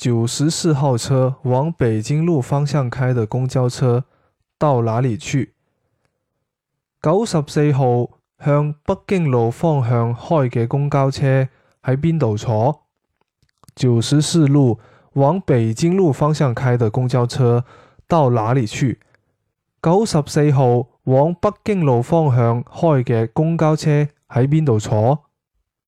九十四號車往北京路方向開的公交車到哪裡去？九十四號向北京路方向開嘅公交車喺邊度坐？九十四路往北京路方向開的公交車到哪裡去？九十四號往北京路方向開嘅公交車喺邊度坐？